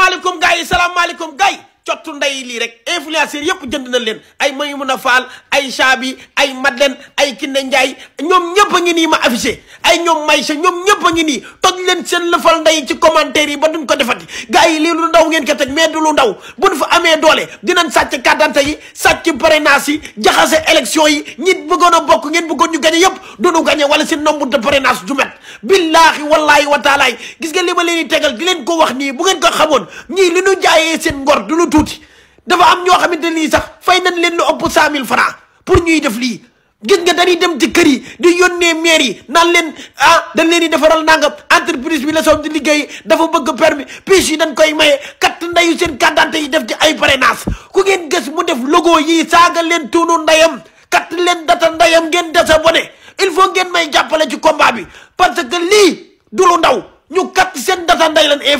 maaleykum gars yi salaamaaleykum gars yi cottu ndey lii rek influenceurs yëpp jënd na leen ay Maymuna Fall ay Chabi ay Madeleine ay Kiné Ndiaye ñoom ñëpp a ngi nii ma affiché ay ñoom Maysa ñoom ñëpp a ngi nii toj leen seen lëfal ndey ci commentaire yi ba duñ ko defati gars yi lii lu ndaw ngeen ko teg mais du lu ndaw buñ fa amee doole dinañ sàcc kàddante yi sàcc parrainage yi jaxase élection yi ñit bëggoon a bokk ngeen bëggoon ñu gañe yëpp duñu gañe wala seen nombre de parrainage du met billaahi wallaahi wa taalaay gis nga li ma leen tegal di leen ko wax nii bu ngeen ko xamoon ñii li ñu jaayee seen ngor du lu tuuti dafa am ñoo xamante nii sax fay nañ leen lu ëpp cent mille francs pour ñuy def lii gis nga dañuy dem ci kër yi di yónnee maire yi naan leen ah dañ leen di defaral nangam entreprise bi la soog di liggéey dafa bëgg permis pièces yi dañ koy maye kat ndeyu seen kàddante yi def ci ay parrainage ku ngeen gis mu def logo yi saaga leen tuunu ndeyam kat leen data ndeyam ngeen desa bone il faut ngeen may jàppale ci combat bi parce que lii du lu ndaw ñu kat seen data ndey leen